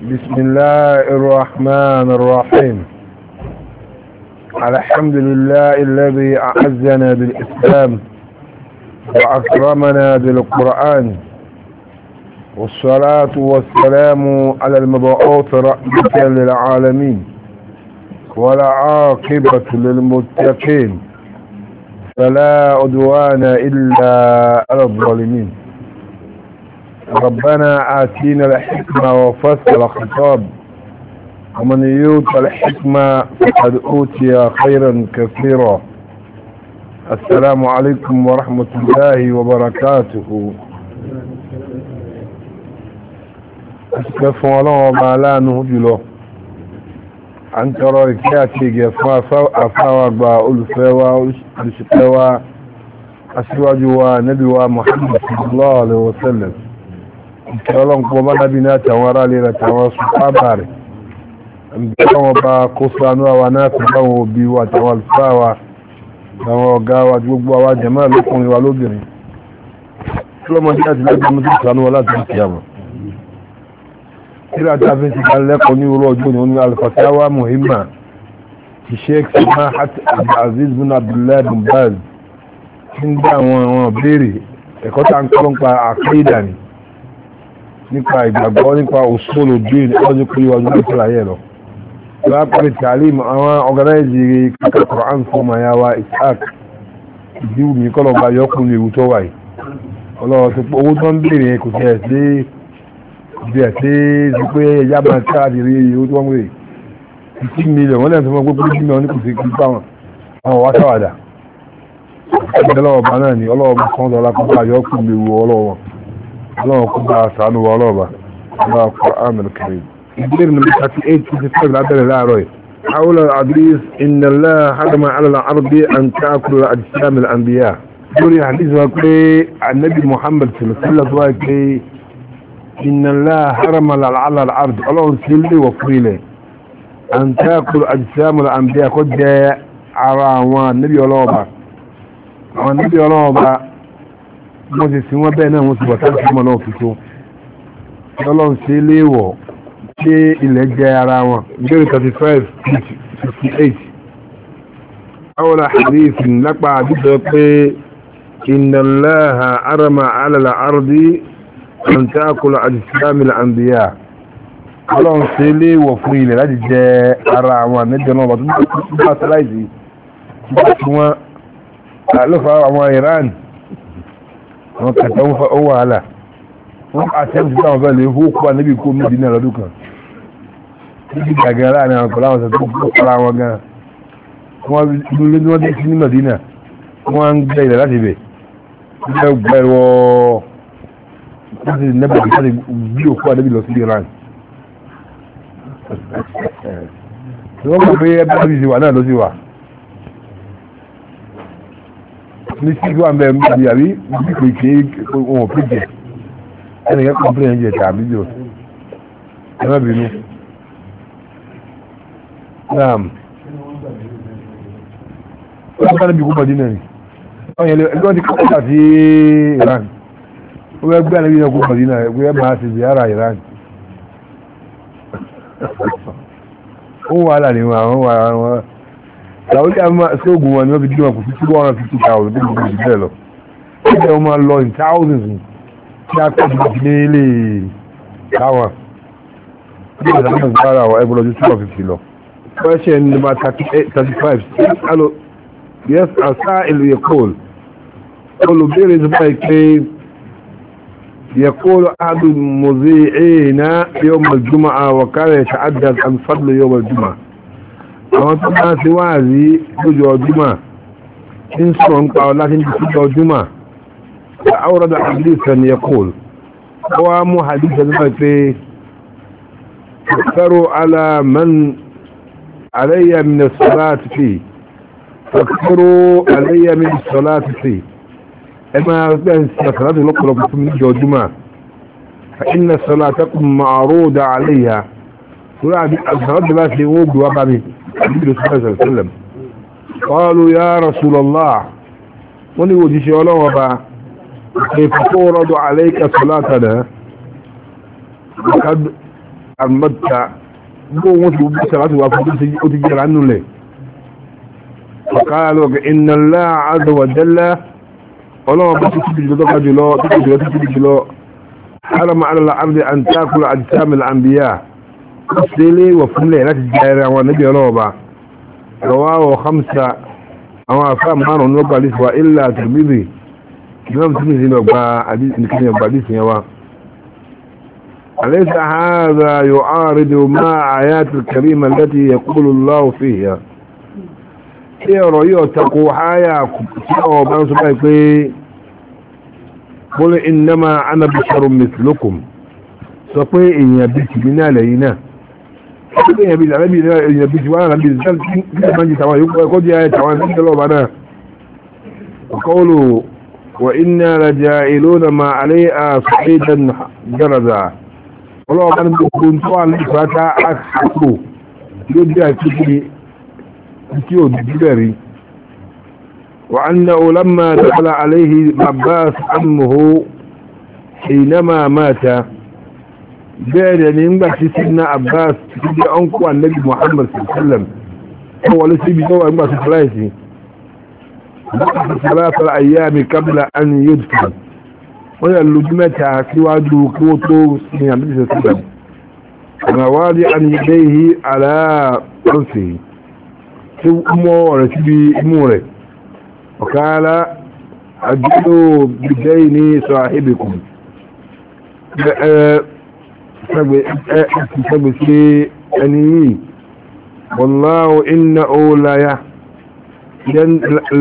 بسم الله الرحمن الرحيم الحمد لله الذي أعزنا بالإسلام وأكرمنا بالقرآن والصلاة والسلام على المبعوث رحمة للعالمين ولا عاقبة للمتقين فلا عدوان إلا على الظالمين ربنا آتينا الحكمة وفصل الخطاب ومن يوت الحكمة فقد أوتي خيرا كثيرا السلام عليكم ورحمة الله وبركاته أسكفوا الله وما لا نهجله أن ترى كاتي أفاوى بأولفاوى أشتاوى أسواجوا نبوى محمد صلى الله عليه وسلم ìkẹ́ọlọ́n kọ́ bá dábì náà tàwọn ará lè rẹ̀ tàwọn sùpábà rẹ̀ àwọn bá kó sánú àwa náà fi báwọn òbí wa tàwọn àlùfáà wa àwọn ọ̀gá wa àti gbogbo àwa jẹ̀mọ́ lọ́kùnrin wa lóbìnrin tí lọ́mọdé àti lẹ́gbẹ̀ẹ́ mú sí sánú wa láti fi àmọ́ kíra tá a fi ti kan lẹ́kọ̀ọ́ ní orú ọjọ́ ní alifatawa muhimma ti sheikh samahat abdulaziz bin abdullahi bin baz ń dá àwọn àwọn béèrè ẹ̀kọ́ tá à ni nípa ìgbàgbọ́ nípa òṣòlò dín ọdún kúrò iwájú nípa ayé lọ lápẹ̀lẹ̀ tààlim àwọn ọ̀gánáìjì kíkà Quran fún mayawa ishaq ìdíwù mi kọ́lọ̀ bá yọkùn lè wùtọ́ wáyé ọlọ́wọ́ sí pé owó tó ń bèèrè kò tẹ̀ sí bẹ̀ẹ̀ sí sí pé ẹ̀yà máa káàdì rí owó tó ń wèé fifty million wọ́n lẹ́yìn tó mọ́ pé fifty million ní kò sí kíkà wọn àwọn wá sáwàdà ọlọ́wọ́ bá náà ni ọlọ́wọ́ bá sọ́ńdọ̀ ọlá kó bá ọlọ́wọ́ الله قد سبحانه وتعالى الله القرآن الكريم الدين من 38 55 العدل لا روي حول العديث إن الله حرم على الأرض أن تأكل الأجسام الأنبياء دوري حديث وقلي النبي محمد صلى الله عليه وسلم إن الله حرم على الأرض الله سلي وفريلي أن تأكل أجسام الأنبياء قد جاء على النبي الله النبي الله wọ́n ti sin wọ́n bẹ́ẹ̀ náà wọ́n ti bọ̀ táǹkì mọ́ náà fi tó lọ́lọ́run ṣe léèwọ̀ ṣé ilẹ̀ jẹ ara wọn ìbéèrè thirty five fifty eight àwọn àdìsí lápá àdìsọ pé ìnàláha arama alàlà àrùdí àǹtàkùlà àdìsílámìlà àǹdíyà ọlọ́run ṣe léèwọ̀ fún ilẹ̀ láti jẹ ara wọn níjọ náà bàtú bá sáláìsì bá tí wọ́n lọ́fà àwọn iran wọn kàtà ó wàhálà wọn àtẹ́mtì táwọn fẹ́ lè hó kúpa níbi kó méjì náà lọ́dún kan níbi gàgà láàrin àwọn kọlá àwọn sọ̀tún kó kọlá wọn gan wọn inú ilé tí wọn dé sí ní Madina wọn ń gbẹ ilẹ̀ láti bẹ̀ wọn gbẹ wọ láti nẹ́bẹ̀ láti bí òkú àdébí lọ sí Iran wọ́n mọ̀ pé ẹgbẹ́ bí ti wà náà ló ti wà. ní sígbó àmì ẹ̀mí ìbí àbí pè kí wọn ò pè jẹ ẹnì kan kọ́ńpé yẹn jẹ tàbí jọ ẹ má bínú. naam ó yà kánà bí kú bàdí náà ni wọ́n yẹn lọ́wọ́ ti kọ́kọ́ àti Iran ó yẹ gbé àlejò yẹn kú bàdí náà ó yẹ máa ti bí ara Iran ó wà á wọn àwọn wà á wọn àwọn ìyá máa sóògùn wọn ni wọ́n fi dín wọn kò sí two hundred fifty thousand bí gbogbo ìbílẹ̀ lọ ó jẹ́ wọn máa lọ in thousands tí a kọ́ ju délé káwọn bí ìgbà náà gbára wọn ẹgbẹ́ lọ́jọ́ two hundred fifty lọ. question number thirty eight thirty five alo yes asa ìlú yekol olùbéèrè ti báyìí pé يقول أحد المذيعين يوم الجمعة وكان يتعدى عن فضل يوم الجمعة àwọn tó bá ti wá rí lójú ọdúnmà tí ń sọ̀rọ̀ ń pa ọ láti ti sílọ ọdúnmà àwòrán hadith ni ẹkùn ó wá mú hadith ẹni náà pé fẹ́rù alamán alayya min as-salati fi fẹ́rù alayya min as-salati fi ẹ máa gbẹ́ ń sin lọ́pọ̀lọpọ̀ fún ọdúnmà قالوا يا رسول الله وني وجي شي ولا وبا كيف تورد عليك صلاتنا قد أمدت مو وجه بصلاة وفضل تجير عنه لي فقالوا إن الله عز وجل ولا بس تجي لك جلو تجي لك جلو حرم على الأرض أن تأكل أجسام الأنبياء sílé wọ̀ fúnlẹ̀ láti jẹ́rẹ̀ àwọn níbi ọlọ́ọ̀bá rọwáwọ̀ hamsa àwọn afẹ́ márùn-ún lọ́gbà lẹ́sùwá ilẹ̀ àtìrìbìbì imam tí nìyí lọ́gbà nìkan yọ̀gbà lẹ́sùn yẹn wa أليس هذا يعارض مع آيات الكريمة التي يقول الله فيها إيه رأيه تقوى حياة كتاب قل إنما أنا بشر مثلكم سقي إن يبيت بنا لينا ọdún yẹn bí i àrẹ́bí èèyàn bí i wà náà bí i ṣẹlẹ̀ máa ń jẹ tàwọn yòókù ẹ̀kọ́ jẹ́ ayé tàwọn ẹ̀sìn tẹ́lọ̀ ọba náà ọkọ̀ọ́lù wà iná rajà ìlú na ma alẹ́ àṣẹ ìdán garaza ọlọ́ọ̀bá ní gbogbo tó wà ní ìfàtà àkókò yóò jẹ́ àkíkí tí ó dúdú bẹ̀rí wà á na olamma dákàlà alẹ́hì bàbá àmùhó ìnámà máta bẹ́ẹ̀rẹ̀ ni ń gbà sí sínú abbas tí bí ọ́n kó annabi muhammad sallam tó wọlé sí ibi tọ́wọ́ ìgbà sí fúláìsì lọ́pàá sàlátà àyà mi kábílà an yóò tó wọ́n yà lójú mẹ́ta síwájú kí ó tó sin annabi sallam ọ̀nà wáàdí an yìí aláàrọ̀sì tí mọ́ rẹ̀ síbi imú rẹ̀ ọ̀kálá àjọ́dọ̀ bìdẹ́ ní sọ àhíbìkùn sẹ́gbẹ̀ sí ẹni yìí wọláwọ̀ iná o láyá yan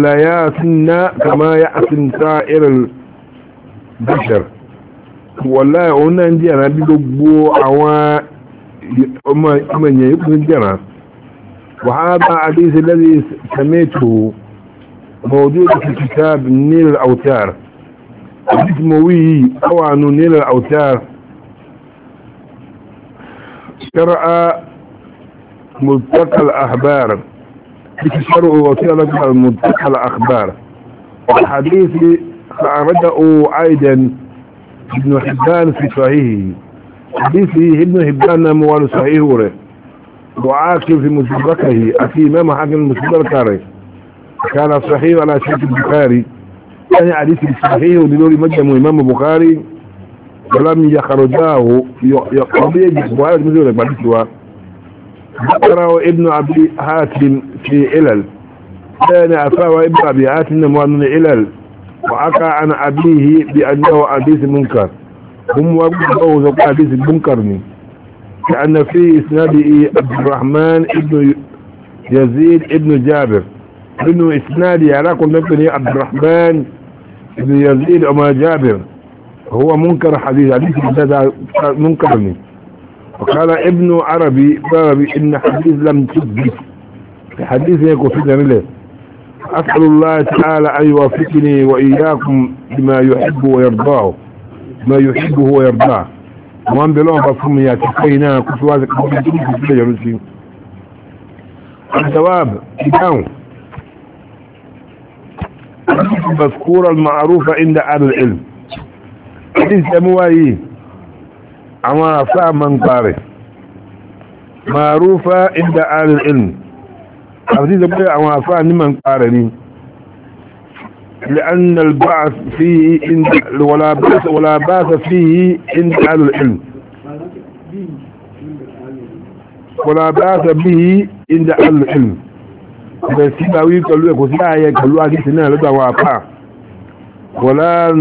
láyá síná kama ya asinta irin bashar wọláwọ̀ òun náà jẹ́ ẹ̀rọ bí gbogbo àwọn ọmọ ènìyàn yìí kún jẹ́ ẹ̀rọ وهذا الحديث الذي سميته موجود في كتاب نيل شرع ملتقى الأخبار شرع وسيلة الملتقى الأخبار الحديث خرجه أيضا ابن حبان في صحيحه حديثه ابن حبان موال صحيحه وعاقب في مسبقه أخي إمام حاكم المدركه كان صحيح على شيخ البخاري يعني حديث صحيح لدور مجمع إمام البخاري ولم يخرجاه يقضي بسبوعات بعد بعدتها ذكره ابن أبي هاتم في علل كان أفاه ابن أبي هاتم من علل وعكى عن أبيه بأنه حديث منكر هم وقفوا حديث منكرني كأن في إسناده عبد الرحمن ابن يزيد ابن جابر ابن على كل نبني عبد الرحمن ابن يزيد عمر جابر هو منكر حديث حديث هذا منكر منه وقال ابن عربي عربي ان حديث لم تثبت الحديث يكون في دليل اسال الله تعالى ان يوفقني واياكم بما يحب ويرضاه ما يحبه ويرضاه ومن بلون فصم ياتينا كسواز كبير الجواب إداو المذكورة المعروفة عند أهل العلم hadith ẹmúwá yìí àwọn àfá ma ń parẹ̀ ma'rufa inda alil ilm hadith pé àwọn àfá ní ma ń parẹ̀ ni لأن البعث فيه عند ولا بأس ولا بأس فيه عند أهل العلم ولا بأس به عند أهل العلم بس يبقى ويقول لك وسيا يقول له هذه سنة لدى وافا ولا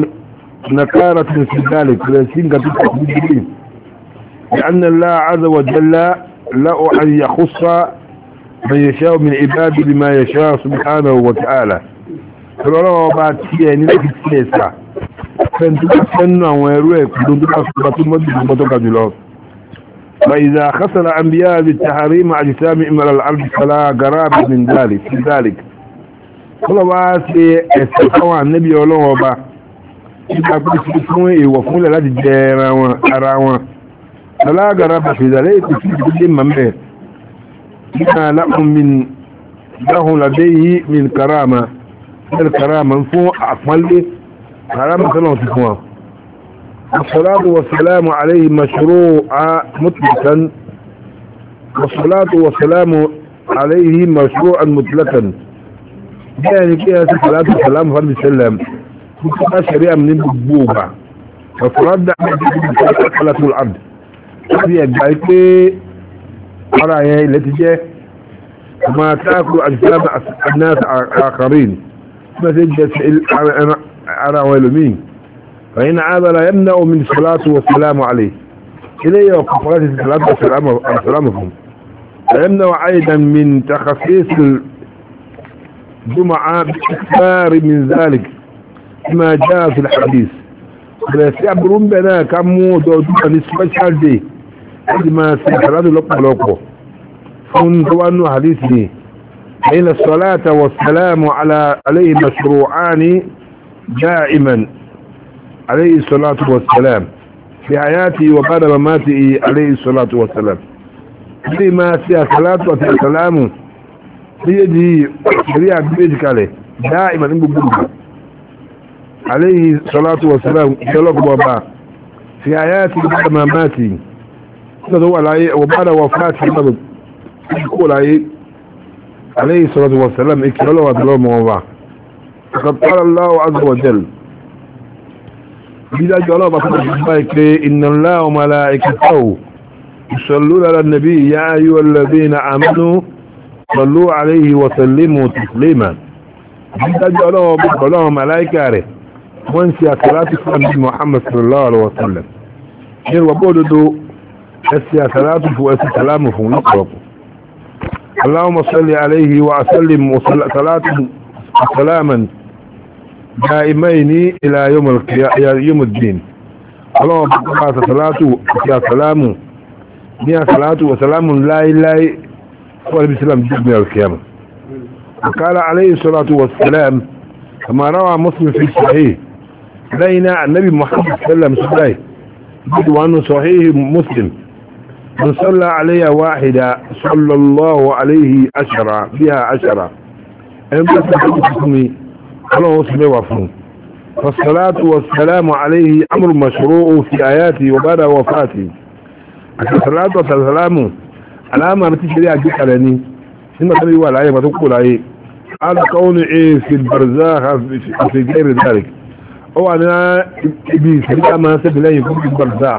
نكارة في ذلك فلسين قد تكون لأن الله عز وجل لا أن يخص من يشاء من عباده بما يشاء سبحانه وتعالى فالله ما تيني يعني لك تيسا فانت تسنى ويرويك بدون تقصد مجد بطوك جلوك فإذا خسر أنبياء بالتحريم أجسام على الأرض فلا قراب من ذلك في ذلك كل واسي استقوى النبي ولوه بقى agbẹ́sí fún èèwọ̀ fúnlẹ̀ láti jẹ ara wọn alágara bàfẹ́dàlẹ́ ètò sí ìdílé mọ̀mẹ́ nígbà aláhùnmin dáhùn lábẹ́ yìí min karama min karama fún àpọ́nlé karama ti fún wa الصلاة والسلام عليه مشروع مطلقا والصلاة والسلام عليه مشروعا مطلقا يعني كيها الصلاة والسلام عليه وسلم كما شريعة من البوبة وتردع على الأرض هذه الجايكة على هي التي جاء وما تأكل أجسام الناس آخرين ما تجد على ويلمين فإن هذا لا يمنع من صلاة والسلام عليه إليه وكفرات السلام لا ويمنع أيضا من تخصيص الجمعة بإكثار من ذلك ما جاء في الحديث بس يعبرون بنا كمو دودوها نسبة دي قد ما سيحراد لقم لقم فانتوا أنه حديثني فإن الصلاة والسلام على عليه مشروعان دائما عليه الصلاة والسلام في حياته وبعد مماته عليه الصلاة والسلام لما فيها صلاة وفيها سلام بيدي شريعة بيدك عليه دائما انقل بيدك عليه الصلاة والسلام يلقب وباء في آياته بعد ما مماته وبعد وفاته المرض يقول عليه الصلاة والسلام اكتلوا واتلوم وباء فقد قال الله عز وجل إذا جلب إن الله وملائكته يصلون على النبي يا أيها الذين آمنوا صلوا عليه وسلموا تسليما إذا جلب الله وملائكته wọ́n ṣe àsàlátù fún ànábì Muhammad sallallahu alaihi wa sallam ní ìwà bóòdodo ẹsẹ̀ àsàlátù fún ẹsẹ̀ sàlámù fún lọ́pọ̀lọpọ̀ Allahumma salli alaihi wa sallim salatan salaman دائمين الى يوم يوم الدين اللهم صل صلاه يا سلام يا صلاه وسلام لا اله الا بالسلام يوم القيامه وقال عليه الصلاه والسلام كما روى مسلم في الصحيح بين النبي محمد صلى الله عليه وسلم بدو أنه صحيح مسلم من صلى عليها واحدة صلى الله عليه عشرة بها عشرة إن بسمي الله اسمي وفهم فالصلاة والسلام عليه أمر مشروع في آياته وبعد وفاته الصلاة والسلام على ما نتشريع جيك لني ثم تريوها ولا ما تقول عيه على كون إيه في البرزاخ في غير ذلك ó wà ní ah, ibi ìsìnká máa sẹ́bẹ̀ lẹ́yìn fún ìgbàlùdá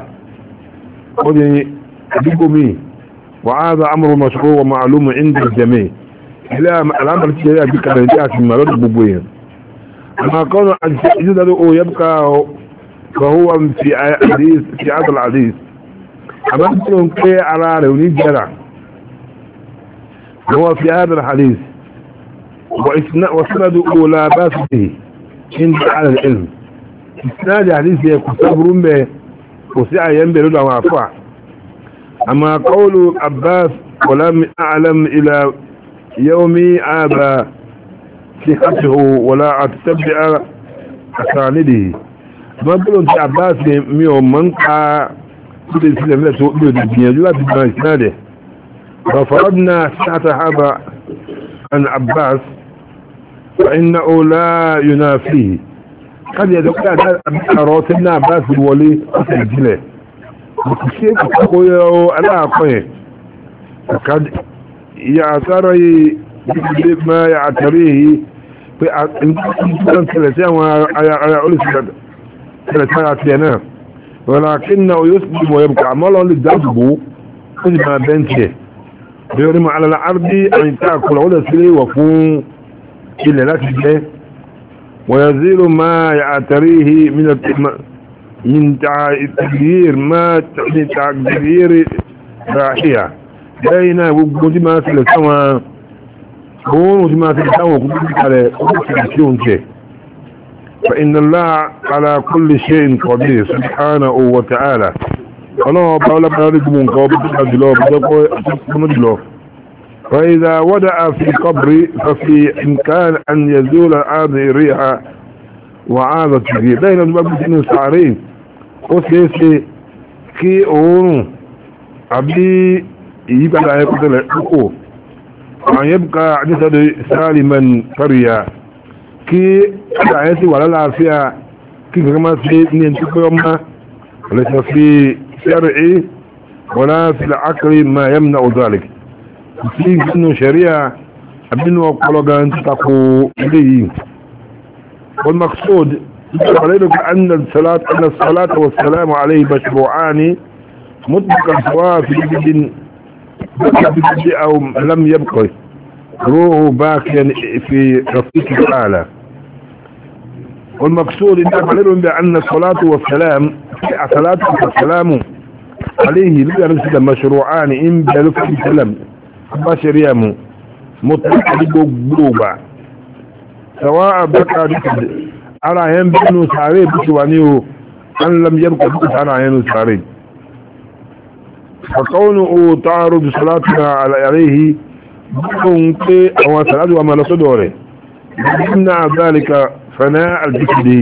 ó ní àdúgbò mi wà á bá amúrò mọ̀ṣúkó wà máa lómù ìndì jẹ́mẹ̀ ilé alámbàlì ti jẹ́rẹ́ àgbékà rẹ̀ tí a sì mọ̀lọ́dù gbogbo yẹn àmà kọ́nà àti ìdíjọ́dọ́ ó yẹ ká kọ̀húwà وسند لا باس عند على العلم ìsinájì àdíṣe ẹ̀kù sáburú mẹ́ kò sí àyẹ́ ń bẹ̀rẹ̀ àwọn àfà àmà kọ́ọ̀lù abbas alam ila yaumi aba ti hatihu wala àtẹ́bẹ̀ àtànídì mọ́bílùn ti abbas ni mi ò mọ́ ń pa kúrò sílẹ̀ mílẹ̀ tó bí òdì gbìyànjú láti gbà ìsinájì ففرضنا ساعة هذا عن عباس فإنه لا ينافيه kábi ẹ̀dọ́ pé àrọ́ tí náà bá fi wọlé ọ̀sẹ̀ ìjìnlẹ̀ kò sí àkóyọ aláàkọ́ yẹn ìyá àsáró yìí ilé máa yà àtàrí yìí pé àtúntàn tẹ̀lẹ̀ sí àwọn ara olùsọ̀rọ̀ tẹ̀lẹ̀ sí ara tiẹ̀ náà wọn là kí yóò sì mọ̀ yẹn àmọ́ lọ́n lè dáàbò ó sì máa bẹ́ẹ̀ tiẹ̀ bí orí mọ̀ alàlà àrùbí àyíká kọlọ̀ ó lè sílé wọ̀ fún ilẹ̀ láti jẹ́ ويزيل ما يعتريه من من تغيير ما من تغيير راحية بين وجود ما في السماء هون ما في السماء وجود شيء فإن الله على كل شيء قدير سبحانه وتعالى الله أبا لك نريد منك وبدأ جلوب فإذا ودع في قبري ففي إمكان أن يزول هذه الريحة وهذا التغيير بين المبلغ من السعرين وسيسي كي أورو أبي يبقى يقتل حقوق وأن يبقى جسد سالما فريا كي تعيسي ولا لا فيها كي كما سيدني انتك يومها ليس في شرعي ولا في العقل ما يمنع ذلك والمقصود ṣẹ̀ríà àbínú tako ilé yìí wọn maksud أن الصلاة أن الصلاة والسلام عليه مشروعان مطلقا سواء في جد بجد أو لم يبقى روحه باقيا في رفيق الحالة والمقصود إن بأن الصلاة والسلام الصلاة والسلام عليه لبقى مشروعان إن بلفق السلام bá ṣeré ẹ̀mú mo tẹ́kọ̀ọ́ gbogbo ògbà sàwọn àbẹ́kà dìkàdì ara yẹn bínú sàárè bí ṣe wà ní o an lam yabqa bi sàárà yẹn nù sàárè fàkọ́nù o tààrù bí sàlátù na àlàyàréhi bíkún pé àwọn sàlátù wà mọ̀lọ́sọ́ dọ̀rẹ̀ bíkúnná àbálìkà fẹ̀nẹ́ àdìkìdì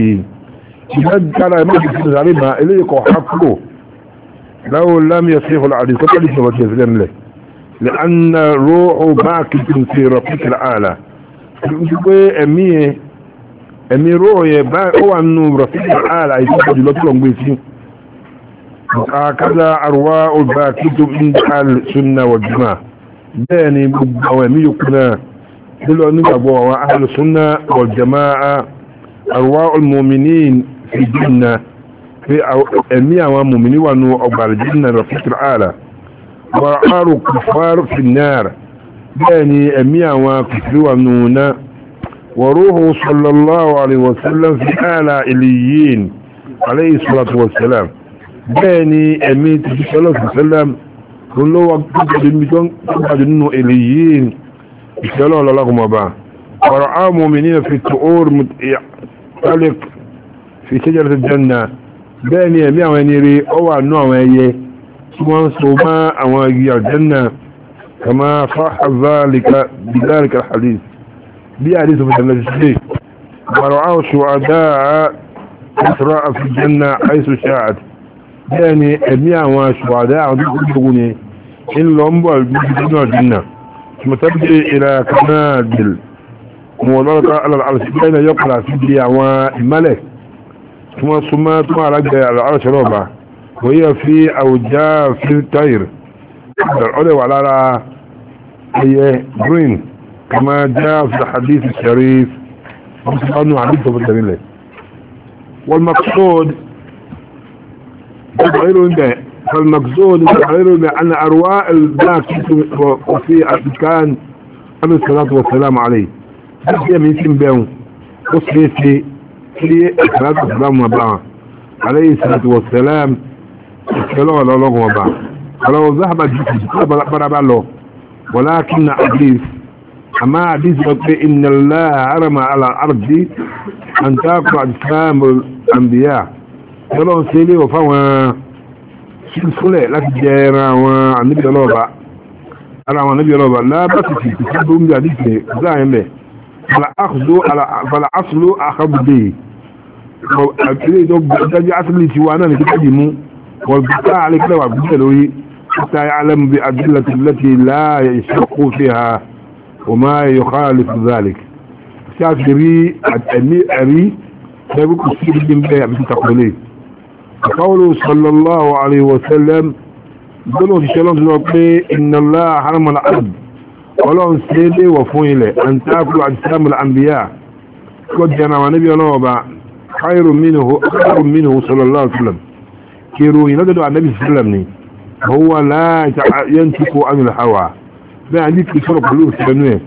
ìgbẹ́ kára ẹ̀mọ́ ti fi sàárè ma eléyìí kọ̀ hákúrò láwọn lámì ẹ̀sìn ìfọ̀lá àdìsọ́kọ̀lì ìfọ̀lá ti ẹ̀sìn lẹ́nu lẹ̀ لأن روح باكد في رفيق الأعلى أمي أمي روح هو أنه رفيق الأعلى يتحدث لطلق بيسي وهكذا أرواح الباكد عند أهل السنة والجماعة داني بوامي يقنا دلو أنه أبوه أهل السنة والجماعة أرواح المؤمنين في الجنة في أمي أمام مؤمنين وأنه أبو الجنة رفيق الأعلى وعار كفار في النار يعني أميع وكفر ومنونا وروحه صلى الله عليه وسلم في آل إليين عليه الصلاة والسلام يعني أميت صلى الله عليه وسلم كل وقت دمتون قد إنه إليين إشتالوا لهم أبا ورعى مؤمنين في التؤور متعلق في شجرة الجنة بني أميع ونيري أو أنواع ويهي ثم صوما أواجي الجنة كما صح ذلك بذلك الحديث بحديث مثل الشيخ ورعاه الشهداء أسراء في الجنة حيث شاءت يعني أبيع وشهداء يقولون إن لهم بجنة الجنة ثم تبدي إلى كنادل مولارك على العرش بين يقرأ في الجنة وملك ثم صمات على العرش ربع وهي في اوجاع في الطير العلي وعلى هي جرين كما جاء في الحديث الشريف أنه حديثه في الدليل والمقصود تبعيره ده فالمقصود تبعيره بأن أرواء الباكت وفي أركان عليه الصلاة والسلام عليه بس من سنبهم وصفيتي في الصلاة والسلام عليه الصلاة والسلام ọlọ́wọ́ lọ́lọ́wọ́ ọba ọlọ́wọ́ zahaba jùlọ baraba lọ walakinna hadith amma hadith lọ pé inna Allaha harama ala ardi an taqu ajsamul anbiya ọlọ́wọ́ sí ilé wọ̀fá wọn sílẹ̀ láti jẹ ẹran àwọn ànábì ọlọ́ọ̀ba ara àwọn ànábì ọlọ́ọ̀ba lábàtìtì ìfúdó ń bí hadith rẹ̀ záyẹn bẹ̀ fala aslu akhabu dé ìdájọ́ aslu ti wa náà ní kíkọ́ والبقاء على كلام عبد الله حتى يعلم بأدلة التي لا يشق فيها وما يخالف ذلك شافري أمي أبي سيقول كثير من بيع مثل تقولي قوله صلى الله عليه وسلم قلوا في شلون إن الله حرم الأرض ولو سيدي وفويلة أن تأكلوا أجسام الأنبياء قد جنى ونبي الله خير منه خير منه صلى الله عليه وسلم kero yin lọ́dọ̀dọ̀ annabi sallam ni huwa la yantiqu an al-hawa bẹ́ẹ̀ a ní kí sọ̀rọ̀ pẹ̀lú ìṣẹ́nu ẹ̀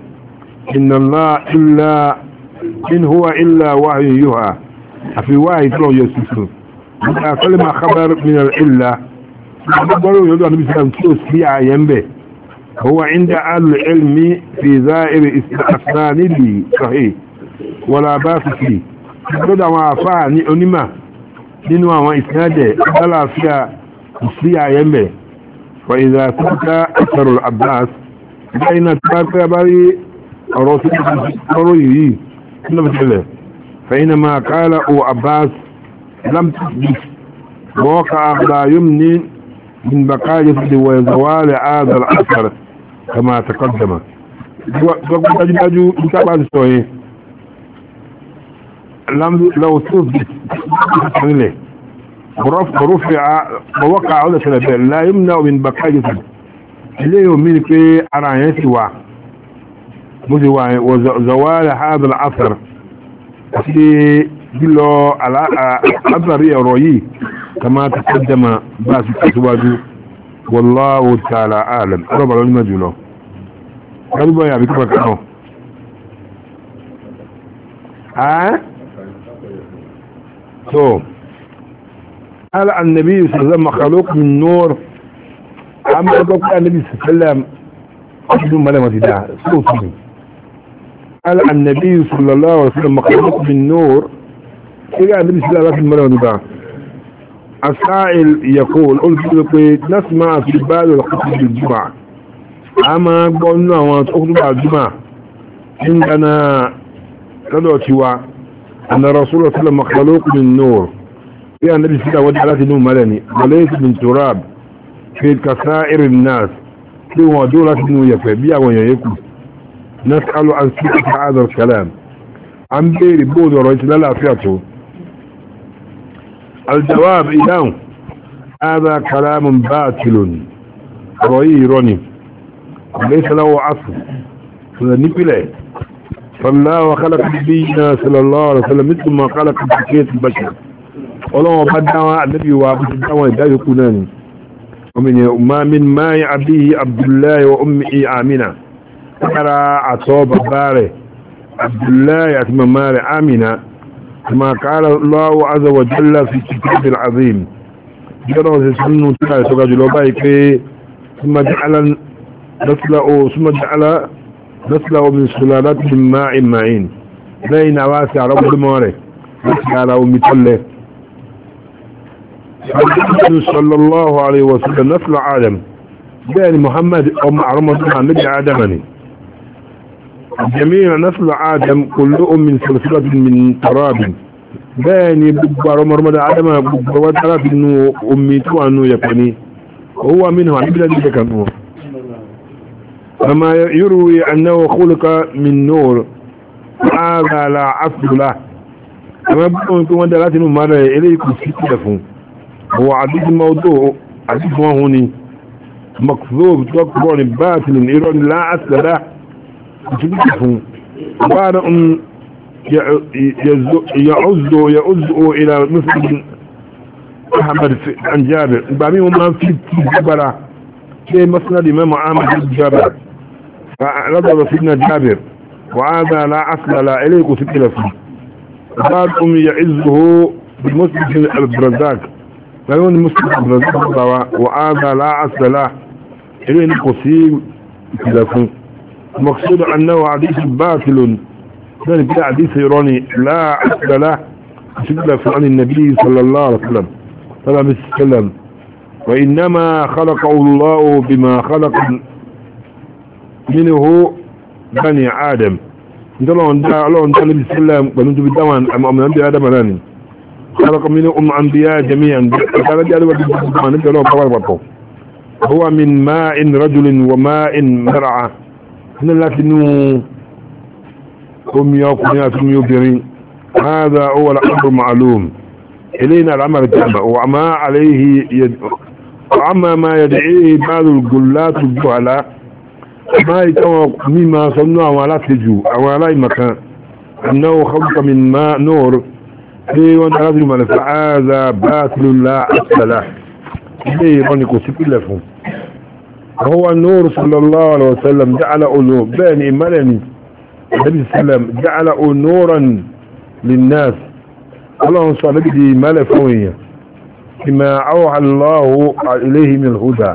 inna Allah illa in huwa illa wahyu yuha àfi wahyu tó yọ sísun nígbà kalima khabar min al-illa gbọ́rọ̀ yọ́dọ̀ annabi sallam tí ó sí àyẹn bẹ̀ huwa inda al-ilmi fi za'ir nínú àwọn ìsinádẹ̀ lálàáfíà sí àyẹ́mẹ̀ fọ̀ìzà kúta ẹ̀sọ̀rọ̀ abbas lẹ́yìnà tí wọ́n pẹ́ bá rí ọ̀rọ̀ sí ọ̀rọ̀ yìí tí wọ́n tẹ̀lẹ̀ fẹ̀yìnà máa káàlà o abbas lamtis mọ́ka àbáyọ́m ní من بقايا وزوال هذا الأثر كما تقدم وقد تجد أجو إن شاء الله لو ثبت ورفع بوقع عودة الأبيل لا يمنع من بقاء جسد إليه يؤمن في أرعي سوا مزوى وزوال هذا العصر في جلو على أثر يروي كما تقدم باس الأسواج والله تعالى أعلم رب العلم جلو قلبا يا بكبر كنو ها تو قال النبي صلى الله عليه وسلم مخلوق من نور عم قال النبي صلى الله عليه وسلم ما لم داع صوتني قال النبي صلى الله عليه وسلم مخلوق من نور إلى النبي صلى الله عليه وسلم ملمة داع السائل يقول قلت نسمع في بال الخطب الجمعة أما قلنا وأنت أخطب الجمعة عندنا لدوتي أن الرسول صلى الله عليه وسلم مخلوق من نور يعني إيه النبي صلى الله عليه وسلم ملاني وليس من تراب في كسائر الناس في ودولة ويفا بيا ويكو نسأل عن صحة هذا الكلام عن بيري بوضو رئيس لا فياته الجواب إذا هذا كلام باطل رئيس رني ليس له عصر فلنبي نبي فالله وخلق نبينا صلى الله عليه وسلم مثل ما خلق بقية البشر ọlọ́wọ́ bá dáwọn ànábì wa bó ti dáwọn ìdáyòkú náà ni ọmọnìyàn umamin mayi abiyi abdullahi wa ummi amina kára àtọ́ bàbá rẹ̀ abdullahi àti mamá rẹ̀ amina kuma kára lọ́wọ́ azawa jalla fi kitabin azim jẹ́rọ sí sunu tí a sọ́gájú lọ báyìí pé súnmọ́ jẹ́ ala نسلع من سلالات من ماء معين لين واسع رب الموري نسلع ومي طلع صلى الله عليه وسلم نسلع آدم يعني محمد أم عرمض النبي آدمني جميع نسلع آدم كلهم من سلسلة من تراب bẹ́ẹ̀ni gbogbo àrọmọrọmọdá adama gbogbo wọ́n tàbí nínú omi tó wà nínú yẹ̀pẹ̀ ni فما يروي أنه خلق من نور هذا لا عصد له أما بقوم كما دلاتنا مرة إليكم سيكتفون هو عديد الموضوع عديد ما هوني مكذوب تقرون باطل إيران لا عصد له سيكتفون بعد أن يعز يعز إلى مثل أحمد عن جابر بامي هم في تجبرة في مسند إمام عامد جابر فنظر سيدنا جابر وهذا لا أصل لا إليه كتبت فيه قال أم يعزه بالمسلم عبد الرزاق فلون المسلم عبد الرزاق وهذا لا أصل لا إليه قصيم كتبت المقصود أنه حديث باطل يعني بلا حديث يراني لا أصل له كتبت عن النبي صلى الله عليه وسلم صلى الله عليه وسلم وإنما خلقه الله بما خلق منه بني آدم دلون دا لون دا نبي سلام بلون دبي دوان أم أم نبي آدم راني خلق منه أم أنبياء جميعا قال جاء لبا دوان نبي لون بطو هو من ماء رجل وماء مرعى هنا لكنه كم يوكنيات هم يبرين هذا هو الأمر معلوم إلينا العمل الجامع وما عليه يد... وعما ما يدعيه بعض الجلات الجهلاء báyìí táwọn mí máa sọ nínú àwọn aláṣejù àwọn aláìmọ̀kan anáwó kọ́kọ́ mi máa nóòrò pé wọ́n dára sí mọ̀lẹ̀ fàáza bá tìlúlá àtìlá ilé ìrọ́ ni kò sí pìlẹ̀ fún هو النور صلى الله عليه وسلم جعل أنور بني ملني النبي صلى الله عليه وسلم جعل أنورا للناس ọlọ́run sọ lẹ́gbẹ̀dì mẹ́lẹ̀ fún èèyàn ìmọ̀ àwọ̀ aláwọ̀ ilé ìmìlhúdà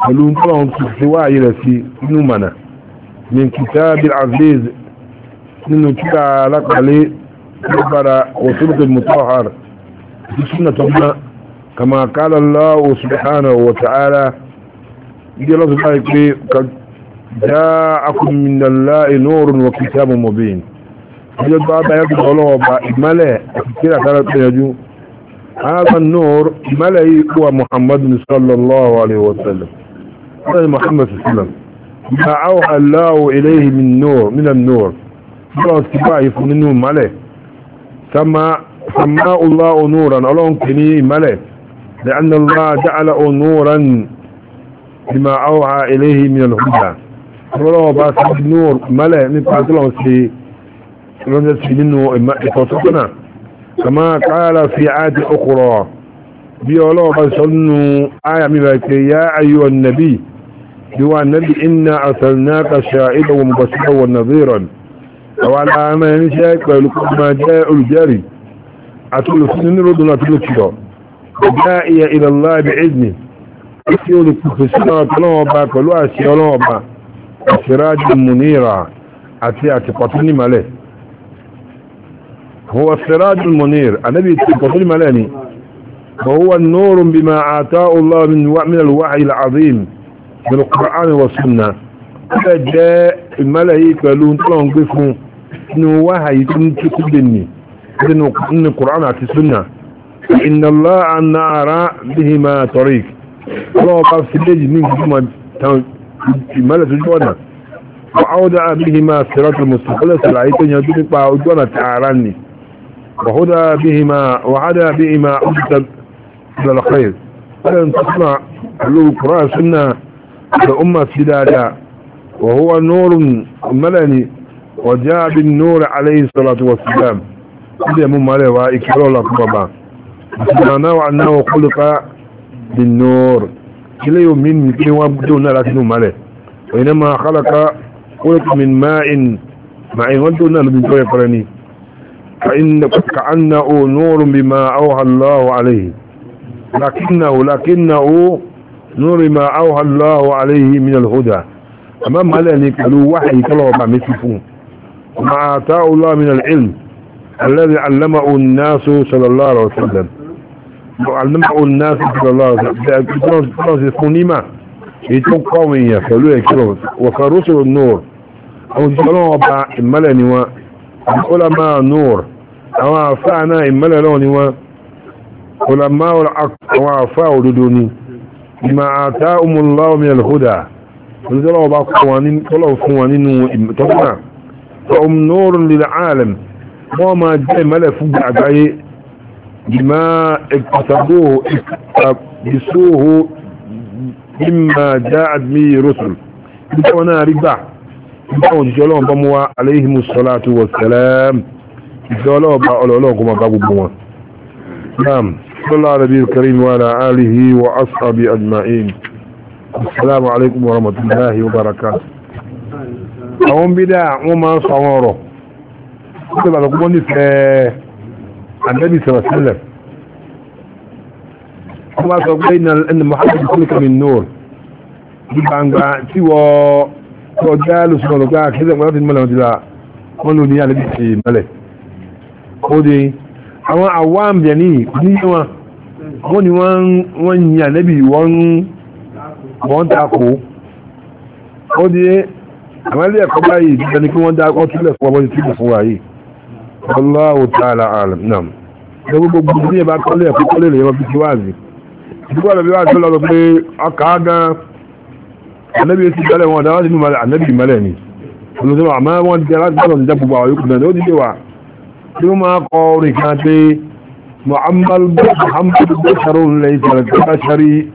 هلون طلعهم سواعي لسي نمنا من كتاب العزيز من كتاب علاق علي كبرة وسلط المطهر في سنة الله كما قال الله سبحانه وتعالى إذا الله سبحانه وتعالى جاءكم من الله نور وكتاب مبين إذا الضعب يجب الله بإماله كتير أخرت هذا النور ملئ هو محمد صلى الله عليه وسلم صلى محمد صلى الله عليه وسلم ما أوحى الله إليه من نور من النور بلا اتباع يفهم النور ماله سما سماء الله نورا الله كني ماله لأن الله جعله نورا لما أوحى إليه من الهدى الله بس نور ماله نبعث له سي نجد منه إفوسطنا كما قال في عاد أخرى بيولوغا سنو آية مباكي يا أيها النبي دواء نبي إنا أرسلناك شاهدا ومبشرا ونظيرا وعلى ما ينشاك ولكم ما جاء الجاري أتقول سنين ردنا تلتشا ودائية إلى الله بإذنه أسيول الكفسنا وطلوبا كلوا أسيولوبا سراج منيرا أتي أتقطني مليه هو السراج المنير النبي أتقطني ملاني وهو النور بما آتاه الله من الوعي العظيم بالقرآن والسنة فجاء الملائكة يقولون طلعوا قفهم إنه وحي تنتقل دني إن القرآن على السنة إن الله أن نرى بهما طريق الله قال سليج منك ثم ملت جوانا وعودع بهما الصراط المستقلة العيتين يدونك وعودوانا تعالاني وهدى بهما وعدى بهما أجد إلى الخير فلن تسمع له القرآن سنة الأمة في دادا وهو نور ملني وجاء بالنور عليه الصلاة والسلام قد يمم عليه وإكبر الله طبعا سبحانه وعنه خلق بالنور كل يوم من كل يوم بدون لا تنوم عليه وإنما خلق خلق من ماء ماء ودون من كل فرني فإن كأنه نور بما أوحى الله عليه لكنه لكنه نور ما أوحى الله عليه من الهدى أمام ملانك قالوا وحي طلب مع مثلفون ما آتاه الله من العلم الذي علمه الناس صلى الله عليه وسلم علمه الناس صلى الله عليه وسلم ما يتوقع قومية قالوا يكرون وفرسل النور أو جلوا أبا إملاني وعلماء نور أو أفعنا إملاني وعلماء العقل وعفاء لدوني بما آتاهم الله من الهدى ونزلوا بقوانين طلعوا قوانين طبعا فهم نور للعالم وما جاء ملف بعدي بما اكتسبوه اكتسوه مما جاءت به رسل وانا ربع جلون بموا عليهم الصلاة والسلام جلون بأولوكم بابوا نعم صلى الله على نبي الكريم وعلى آله وأصحاب أجمعين السلام عليكم ورحمة الله وبركاته àwọn bídá wọ́n máa ń sọ àwọn ọ̀rọ̀ ó tẹ́bà lọ gbọ́n nífẹ̀ẹ́ àdẹ́bì sẹ̀rẹ̀sẹ̀lẹ̀ wọ́n máa sọ pé ẹni mohamed kúlùkàmì nóòr ní gbangba tí wọ́n tọ́ já lùsùn wọ́n ni wọ́n yin ànẹ́bì wọ́n dákò ó di àmàlẹ́ ẹ̀kọ́ báyìí jíjẹ ní kí wọ́n dákò túlẹ̀ fún ọmọdé túlẹ̀ fún wáyé Allahu ta'ala alam nam gbogbo ní ẹ̀bá kọ́lẹ̀ ẹ̀kọ́ kọ́lẹ̀ lè bí ti wáàzì محمد محمد بشر ليس البشري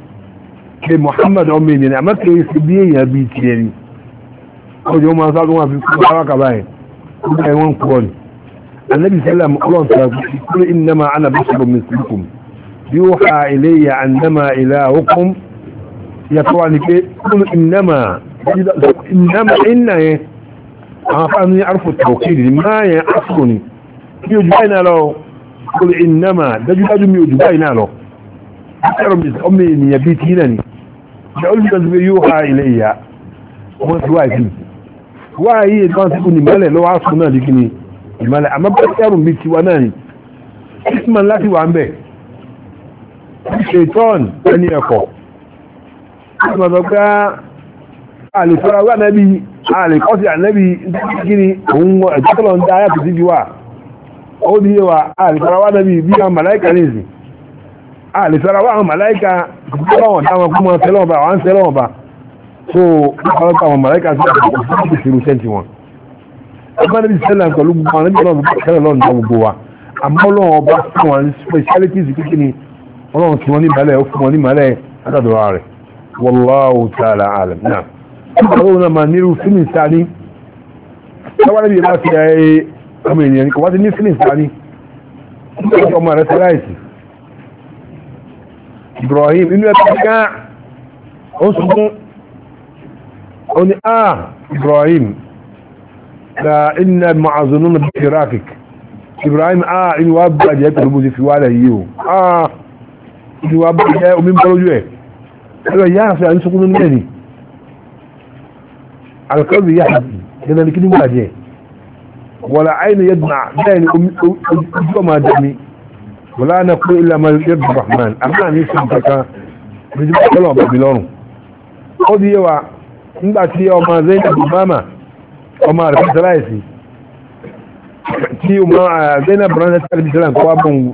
كي محمد امي ني اما كي سبي يا بي تيري او جو ما ساغو ما في كبارا كباي اي وان كون النبي صلى الله عليه وسلم يقول انما انا بشر مثلكم يوحى الي انما الهكم يطوعني كي قل انما انما ان انا فاهم يعرف التوكيد ما يعرفني يجي بينا لو kul innama dájúdájú mi ò jù báyìí náà lọ ẹ̀rọ mi ọmọ ènìyàn bíi tí náà ni ṣe olùdíjọ́ ti fi yóò ha ilé ìyá wọ́n ti wá ìfì wá ayé ìtàn sí kùn ìmọ̀lẹ̀ lọ́wọ́ àsùn náà dìkì ni ìmọ̀lẹ̀ àmọ́ bá ẹ̀rù mi ti wá náà ni christmas láti wà ń bẹ̀ ṣètọ́n ẹni ẹ̀kọ́ ọmọ sọ pé àlè fọlá náà bí àlè kọ́sì ànábì ní òun ẹ̀jẹ̀ tó ń da ayàtọ̀ sí fi ó di yíwa àlìsarawa nàbí bí i màláìkà ní ìsìn àlìsarawa àwọn màláìkà kọ́lọ̀wọ̀n dáwọn kú mọ́ tẹ́lọ̀ bá wọ́n tẹ́lọ̀ bá so ọlọ́pàá àwọn màláìkà sí àkókò sí irúṣẹ́ ti wọn ọgbọ́n níbi sẹ́lẹ̀ pẹ̀lú gbogbo àwọn níbi ọlọ́pàá kẹ́lẹ̀ lọ́nà gbogbo wa àmọ́ ọlọ́run ọba fún wọn specialities kíkí ni ọlọ́run tí wọ́n ní ìmọ̀lẹ̀ ó fún wọn ní ìmọ̀lẹ̀ látàdọ̀wà rẹ̀ wallahu ta'ala alam náà ọlọ́run náà máa nírú fílì sáà ní táwọn níbi ìbá fi ọmọ ènìyàn ní kò wá sí ní sílẹ̀ ìsáni ọmọ rẹ̀ sẹ́láìsì Ibrahim inú ẹ̀ tó gán ó sunkún ó ní ah Ibrahim la iná ma'azunu na bí iraqik Ibrahim ah inú wa bàjẹ́ pẹ̀lú bó ti fi wálẹ̀ yìí o ah inú wa bàjẹ́ omi bọ́ lójú ẹ̀ ẹ̀rọ ìyá àfẹ́ àní mẹ́rin alkazi yá àti dandan kí ni wọ́n bàjẹ́ wala aini yadna dani ojú ma dami wala na ko illa ma yadu rahman amma ni sun taka biji kala ba bilorun o di yawa ngba tí o ma zainab mama o ma rafi salaisi tí o ma eh, zainab ran ta bi salam ko abun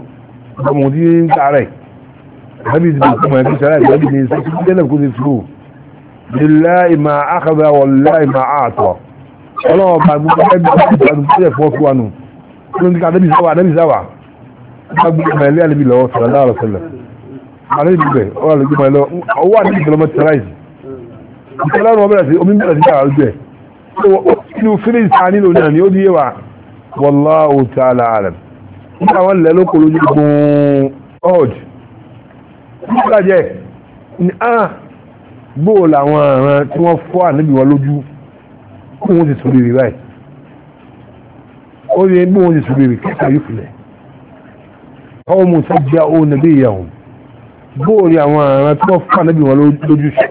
ko mo di tare habi bi ko ma bi salaisi habi ni sai zainab ko di furu billahi ma akhadha wallahi ma ata ọlọ́wọ́ bá gbogbo ẹgbẹ́ ìgbàgbọ́ sílẹ̀ fún ọkùnrin nù kí ló ń ká adébí sáwà adébí sáwà bá gbogbo ọmọ ẹlẹ́ àdébí lọ́wọ́ sọ̀rọ̀ láàrọ̀ sọ̀rọ̀ adébí bẹ̀ ọwọ́ àlejò ọmọ ẹlọ́ ọwọ́ àdébí sọ̀rọ̀ mọ́tì ráìsì ìṣẹ̀lẹ̀ ọmọ bẹ̀rẹ̀ sí omi bẹ̀rẹ̀ sí àwọn àlejò ẹ̀ inú fílíìsì ta nílò náà ni ó di yéwà wallahu ta'ala alam nígbà wọn lẹ lóko lójú gbọ̀n ọ̀d nígbà jẹ́ ni a gbóòlà àwọn àrùn tí wọ́n fọ́ àníbì wọn lójú kó wọn ti sùúrù rí báyìí ó yẹ bí wọn ti sùúrù rí kẹta yóò filẹ̀ ọwọ́ mu sọ́jà ó nàbí ìyàwó bóòlì àwọn ará tí wọ́n fà nàbí wọn lójú sí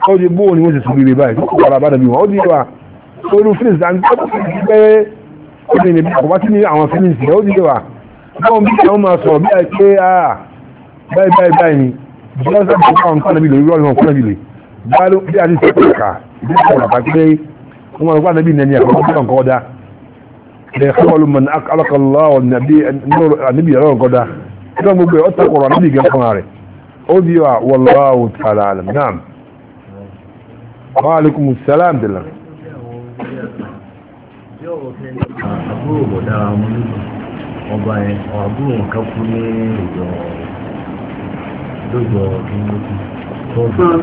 ó yẹ bóòlì wọn ti sùúrù rí báyìí kó wàrà bá nàbí wọn ó di wa olú fílíǹsì àti tó kọ́ sí pé ó lè níbi àkọ́bá tí ní àwọn fílíǹsì ó di wa bọ́ọ̀n bí àwọn máa sọ̀rọ̀ bí i pé àà báyìí báyìí báyìí ni jọ́sẹ̀ tó kọ́ kọ́ nàbí lè rí ọ̀rọ̀ kọ́ nàbí lè bá bí a ti sọ̀rọ̀ kà bí a ti sọ̀rọ̀ kuma da kwanabi na niya kuma kan koda da kawalun man alakallah wa nabi nabi ya ran koda idan gbogbo ya ta kora nabi ga kuma re o bi wa wallahu ta'ala alam na'am wa alaikum assalam dillah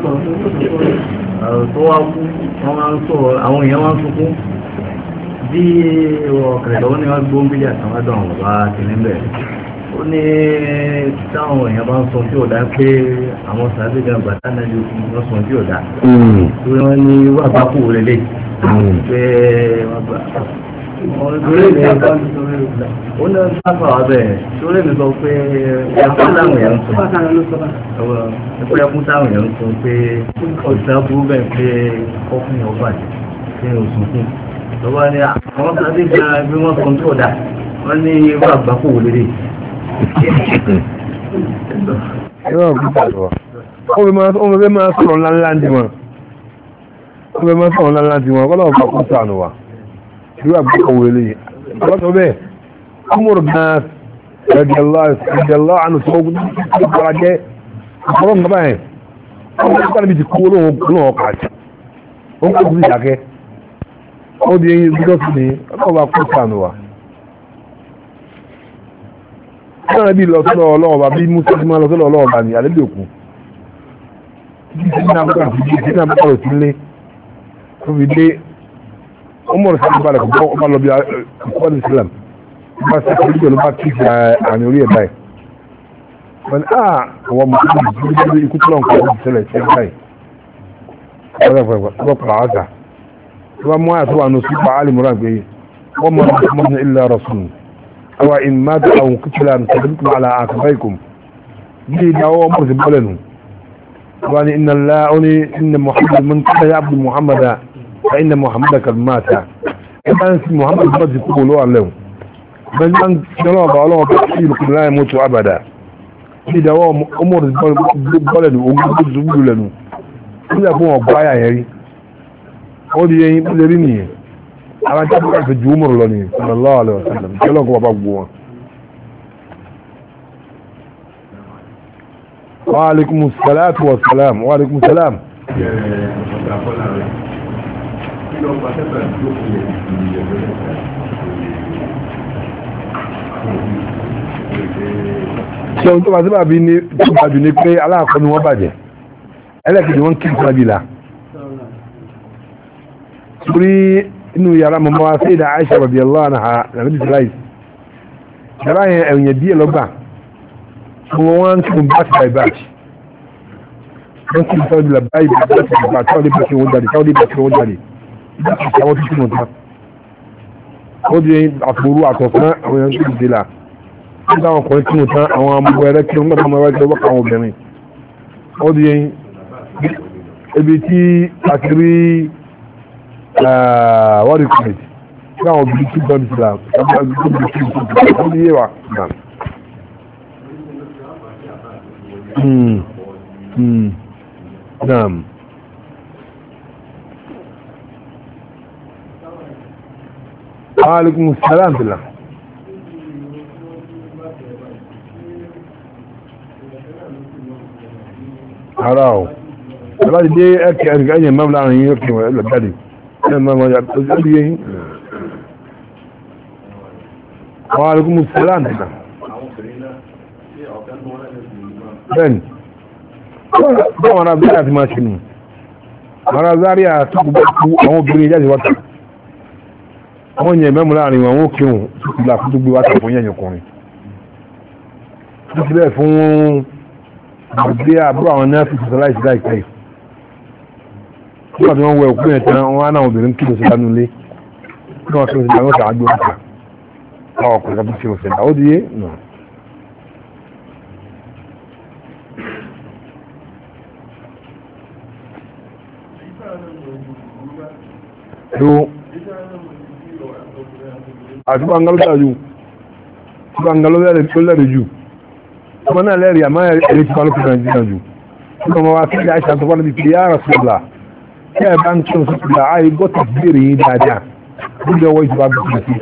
àbúrò ọ̀rọ̀ tó wá kú wọ́n máa ń sọ̀rọ̀ àwọn èèyàn máa ń sunkún bí ọ̀kẹ̀rẹ̀ lọ́wọ́ ni wọ́n gbóhùn bílẹ̀ àtàwọn àdán àwọn bá ti níbẹ̀ ó ní táwọn èèyàn bá ń sọ tí ọ̀dà pé àwọn sàbẹ̀ gan bàtà náà ló fi wọ́n sọ tí ọ̀dà hmm. tí wọ́n ní wàá kú rẹ̀ lé hmm. pé wọ́n bá ó ní sáfà abẹ sórí mi sọ pé ẹkún táwọn èèyàn ń sọ ẹkún ẹkún táwọn èèyàn ń sọ pé ọ̀sán burú bẹ́ẹ̀ pé ọkùnrin ọba jẹ pé òṣùnkún lọ́wọ́ ni àwọn sábẹ́ gba bí wọ́n sọ tó dà wọ́n ní irú àgbákò wò lédè. irú àgbákò wò lédè. ó ìlú àgbékọ̀wé lè lọ́tọ̀ bẹ́ẹ̀ kúmùrù náà rẹ̀dẹ̀lọ́ àánú tó gbọ́ra jẹ́ ọ̀pọ̀lọ́ nǹkan báyìí wọ́n ti sáré bí ti kú olóhùn ọkọ̀ àti ó ń kó sí ìdákẹ́ ó di eyín gbígbọ́ sí ni ọlọ́wọ́ bá kú sànù wa. náà bí lọ sọ́dọ̀ ọlọ́wọ́ bá bí musa ti máa lọ sọ́dọ̀ ní àlébí òkú títí náà bá kọ̀ sí ilé umar sa'ad balẹ̀ kò bọ́ ọba lọ́bí ọdún islam bá sí kí ìjọ ló bá kí ìjà àmì orí ẹ̀ báyìí wọ́n ní àà ah, àwọn mùsùlùmí bí wọ́n bí ikú tó lọ́nkọ́ ọdún ìṣẹ̀lẹ̀ ṣe báyìí wọ́n pàrọ̀ àgà wọ́n mú àyà tó wà ní oṣù pa alì múra gbé wọ́n mọ̀ ní ọmọ ní ilẹ̀ rasul àwọn ìmáàdù àwọn kìtìlá nìkan àlà àkàbáìkùm bí ìdáwọ́ ọmọ sí bọ́lẹ̀ nù wọ́n ní ìnàlá ó ní ìnà muhammad mọ́ فإن محمد قد مات إذا محمد قد يقول له عليه بل من شراب الله بكثير قد لا يموت أبدا في دوام أمور بلد وقود زبول لنو إذا كون أبايا يري قد يهين بذريني أنا تبقى في الجمهور لني صلى الله عليه وسلم كلاك وبقوا وعليكم السلام والسلام وعليكم السلام ṣe ohun tó bá sábà bí ní tó bá jù ní pé aláàkọ́ ni wọ́n bàjẹ́ ẹlẹ́kìdì wọ́n kí nǹkan bìlà torí inú yàrá mọ́mọ́ wa sí ìdá Aisha radiyallahu anha nàbí sàlàyé yàrá yẹn ẹ̀yìn díẹ̀ lọ́gbà wọ́n wọ́n kí n báàkì báyìí báàkì wọ́n kí nǹkan bìlà báyìí báàkì báàkì táwọn lè bàtí wọ́n jáde táwọn lè bàtí wọ́n jáde àwọn tuntun mọ̀ta ó di àfòrú àtọ̀fán àwọn èèyàn tó dìde là ó dá ọkùnrin tí mo tán àwọn amúgbó ẹrẹ kí wọn gbọdọ ọmọ kí wọn kà àwọn obìnrin ó di ibi tí a ti rí wọ́n rí kọ́mẹ̀tì kí àwọn obìnrin tí gbọ́n ti là ó di kí wọ́n ti là ó di yé wa Hmm. Hmm. Naam. alaikum salam bila harao alhaji dai ake arganye mamla an yi yake wa labari ɗan mamma ya ɗaɗɗi yayi wa alaikum salam bila ben bọ́n wọn abúlé àti máa ṣe nù wọn azárí àtúkù bá kú àwọn obìnrin jáde wọ́ta àwọn yẹn mẹ́mú láàrin wọn wọ́n kí wọn ìgbà kó tó gbé wáta fún yẹn ọkùnrin títí bẹ́ẹ̀ fún àgbé àbúrò àwọn nọ́ọ̀sì sọ̀tàláìsì láìpẹ́ yìí nígbà tí wọ́n wẹ òkú yẹn tán wọ́n á náà obìnrin kí lọ sí lánú ilé kí wọ́n kí lọ sí lánú ọ̀sán àgbé wáta báwọn ọkùnrin kan tó ti rọ̀sẹ̀ náà ó di yé nà. Hello àti bangal dájú bangal lọ́lẹ́rẹ̀ jù ọmọ náà lẹ́rì àmá ẹ̀rí ti balùkù nàìjíríà jù ọmọ ọmọ wa sílẹ̀ àìsà tó wà níbi pé yára sílẹ̀ kí ẹ bá ń tún sí ìgbà ààyè gọ́tà béèrè yìí dáadáa gbogbo ọwọ́ ìjọba gbogbo sí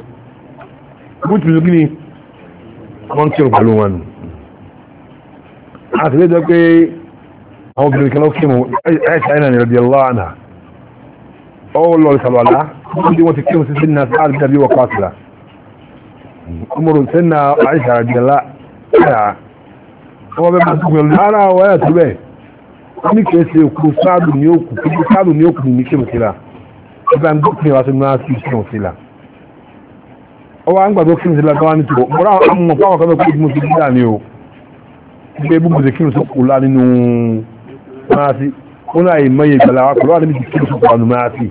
bó ti lùkí ni wọ́n kí ọ̀pọ̀ ló wà nù àti lẹ́jọ́ pé àwọn obìnrin kan ló kí mu àìsà ìnà ìrọ̀dì ọlọ́ àná ọwọ́ lọ ìsàlọ́lá wọ́n tí wọ́n ti kíhùn sí sínú sáàrì tàbí wọ kásìlá ọmọrò sínú àìsà àjẹ́lá ẹ̀yà wọ́n bẹ́ bá tukùn lára wọ́n yà tó bẹ́ẹ̀ wọ́n ní kìí ṣe òkú sáàdù ní òkú kíkú sáàdù ní òkú ní kíhùn sílá ẹgbẹ́ ń gbókùn ìwà sínú náà sí kíhùn sílá ọwọ́ à ń gbàgbọ́ kíhùn sílá tó wá ní tòkó mọ́ra àmọ́ fáwọn kan bẹ́ẹ̀ kó mo ti bí dà ní o gbé bú bùsẹ̀ kíhùn sókù lá nínú máa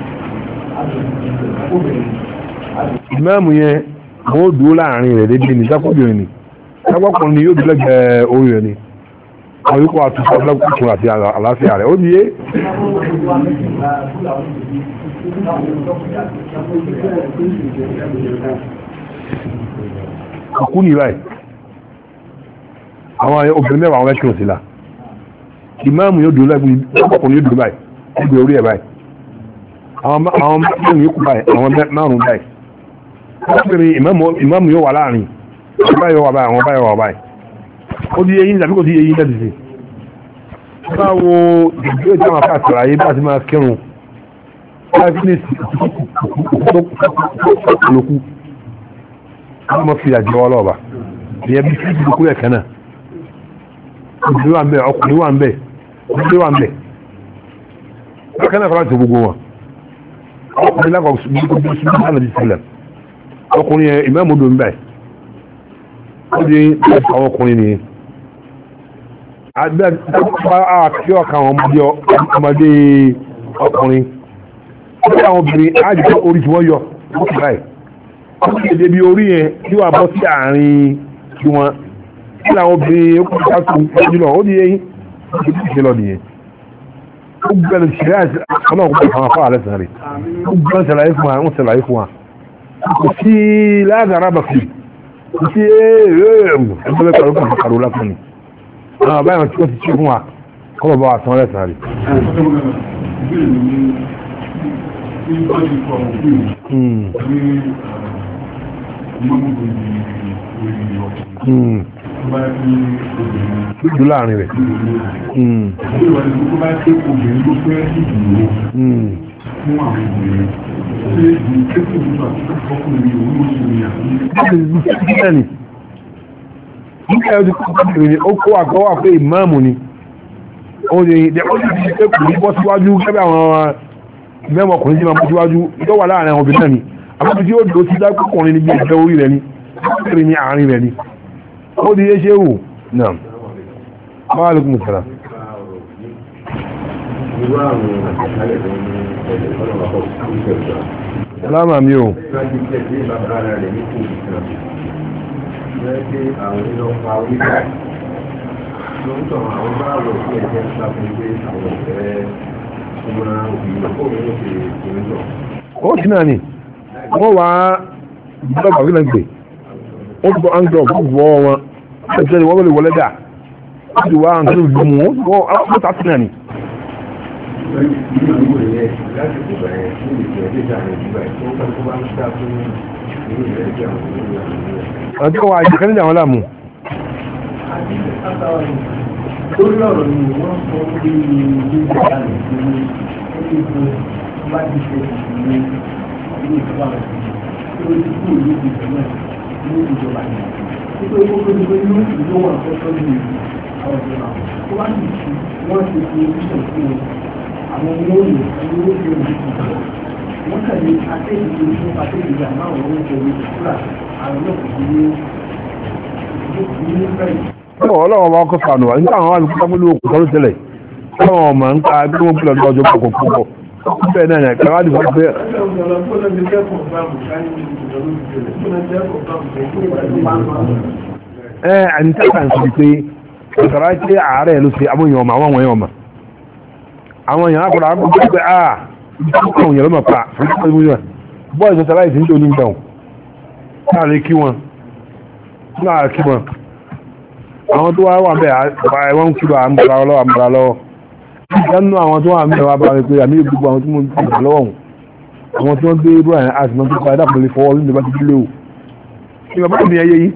ìmáàmù yẹn àwọn ò dúró láàrin rẹ̀ débi ní sákòbìnrin ni sákòkùnrin ni yóò dúró lẹ́gbẹ̀ẹ́ orí rẹ̀ ni àwọn ikú àtúntò ọlọ́kùnkùn àti àlàáfíà rẹ̀ ó di yé. àkú ní báyìí àwọn obìnrin mẹ́wàá wọn mẹ́kìrìsìlá ìmáàmù yóò dúró lẹ́gbẹ̀ẹ́ ọkùnrin yóò dúró báyìí ó gbé orí ẹ̀ báyìí àwọn mẹ́rin yóò kú báyìí àwọn márùn báyìí ọkùnrin ìmáàmù yóò wà láàrin àwọn báyìí wà báyìí àwọn báyìí wà báyìí ó di eyín tàbí kò di eyín tàbí sí báwo ìgbé ìjọba káàkiri ayé bá ti máa kírun five minutes lókù wọ́n mọ̀ fi àjọ ọlọ́ọ̀bà ìyẹn bí fíjì lókù rẹ̀ kan náà obìnrin wà ń bẹ̀ ọkùnrin wà ń bẹ̀ obìnrin wà ń bẹ̀ bákan náà fọlá ti gbogbo wọn ọkùnrin lákọ̀ gbogbo sí alàbí sílẹ̀ yẹn ìmẹ́mú dùn bẹ́ẹ̀ ó di ẹ̀fà ọkùnrin ni àgbẹ̀ àkíọ́ ọkàn ọmọdé ọkùnrin ó bí àwọn obìnrin àjọ orí wọ́n yọ ó sì báyìí ó sì lè orí yẹn tí wọ́n bọ́ sí àárín tí kí làwọn obìnrin ó kọ́ ìdásùn ìjùlọ ó di eyín ó ti ṣe lọ nìyẹn gbogbo ìṣẹ̀lẹ̀ ọlọ́gbọ̀n àwọn afọ́ àrẹ sàárè gbogbo ìṣẹ̀lẹ̀ fún àwọn ìṣẹ̀lẹ̀ fún wa kò sí láàrín arábàkì kò sí ẹgbẹ́ pẹ̀lú pẹ̀lú kàrò lápá ni àwọn àbáyọ̀ tí wọ́n ti ṣe fún wa kọ́bọ̀ bá àtàn rẹ̀ sàárè. Mm. Hmm dúdú láàrin rẹ̀. Nígbà yóò ti kọ́ kábìrì ni ó kó àgọ́wà pé ìmáàmù ni. Òun ni ìdẹ́ ó ti ṣe kò ní bọ́ síwájú gẹ́gẹ́ àwọn mẹ́wọ̀n ọkùnrin tí ma mú síwájú tó wà láàrin àwọn náà ni. Àbájú tí ó dúró sí dákùnkùnrin ní bí ìfẹ́ orí rẹ̀ ni. Kábìrì ni àárín rẹ̀ ni ó di yé ṣe wù náà máa alaikum salam láàmà mi ò lóòótọ́ àwọn bá rò sí ẹ̀jẹ̀ sáfẹ́ pé àwọn wọ́n bọ̀ anglo fún ìwọ́ wọn ẹ̀jẹ̀ ìwọ́ wọlé wọlé dà wọ́n ti wá àǹtí ìlú mú wọ́n wọ́n ta sí nàní. ọjọ́ wa àjẹ́ kẹ́lẹ́ àwọn láàmú. lórí ọ̀rọ̀ ni wọ́n sọ pé ní ìlú ìgbà nìkan ní ìlú bá ti ṣe ìlú ní ìlú ìgbà nìkan lórí ìlú ìgbà nìkan ní ìjọba yìí nítorí ó àwọn ìjọba tó bá sì ṣe wọ́n tẹ̀lé ọlọ́run ọba ń ka bí wọ́n pè ọjọ́ pọ̀ pọ̀ bẹ́ẹ̀ náà yẹn káwá dìbò pé. ẹ àti tẹ́tà ń sọ pé ọ̀sọ̀rọ̀ ṣe ààrẹ ló ṣe àwọn èèyàn ọmọ àwọn èèyàn ọmọ àwọn èèyàn akọ̀rọ̀ akọ̀rọ̀ pé a ah, ìdókòwò èèyàn ló mọ̀ pa bọ́ọ̀lù sọ̀tà láì sí ní oní gbẹ̀wò láàrin kí wọn láàrin kí wọn àwọn tó wá wà bẹ́ẹ̀ ìdánú àwọn tó wà mẹ́wàá bá rí pé àmì gbogbo àwọn tí mo ti gbà lọ́wọ́ wọn àwọn tí wọ́n gbé brian ash náà tó pa ẹ̀dá pẹ̀lú fọwọ́ lóde bá ti dúlé o ní bàbá mi ẹyẹ yìí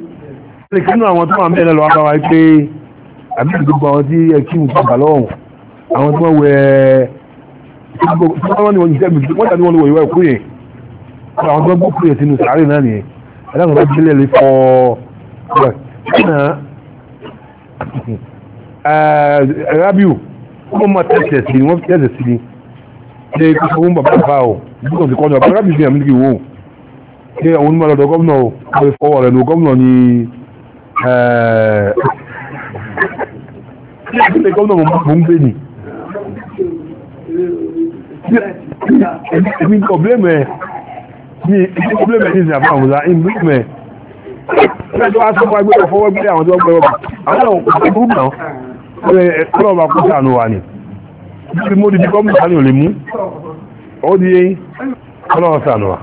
lè kí nínú àwọn tó wà mẹ́rin lọ́wọ́ bá wá pé àmì gbogbo àwọn tí ẹ kí mo ti gbà lọ́wọ́ wọn àwọn tí wọ́n wẹ wọ́n dàbí wọn wọ ìwà ẹ̀kú yẹn àwọn tó gbó kúrò sínú sàárè náà nìyẹn ẹ̀dá kan bá délé lè fọ ẹ̀ Rabiu wọ́n máa tẹ̀sẹ̀ sí wọ́n tẹ̀sẹ̀ sí ṣe kí sọ fún bàbá bá o bí kò sí kọ́nà bàbá mi fi hàn mílíkì wò ṣe àwọn onímọ̀ lọ́dọ̀ gómìnà o àwọn ìfọwọ́ rẹ̀ nù gómìnà ni ẹ̀ẹ́dẹ́gbẹ́ gómìnà mo ń gbé ni èmi kọ̀ bílẹ̀mù ẹ̀ ní ìdíkọ̀ bílẹ̀mù ẹ̀ ní ìsìn àbáwọn ọ̀la ìmú bílẹ̀mù ẹ̀ ṣé ẹjọ́ wá sọ́kọ́ ẹgbẹ́ ìfọwọ́ ẹgbẹ́ àwọn tó wọ́n gbẹ́ wọn àwọn ọ̀pọ̀ ẹ̀kọ́ ọba kó sànù wà ní bí mo di bí kọ́mù sànù lè mú ó di yẹ́yìn ọlọ́wọ́ sànù wà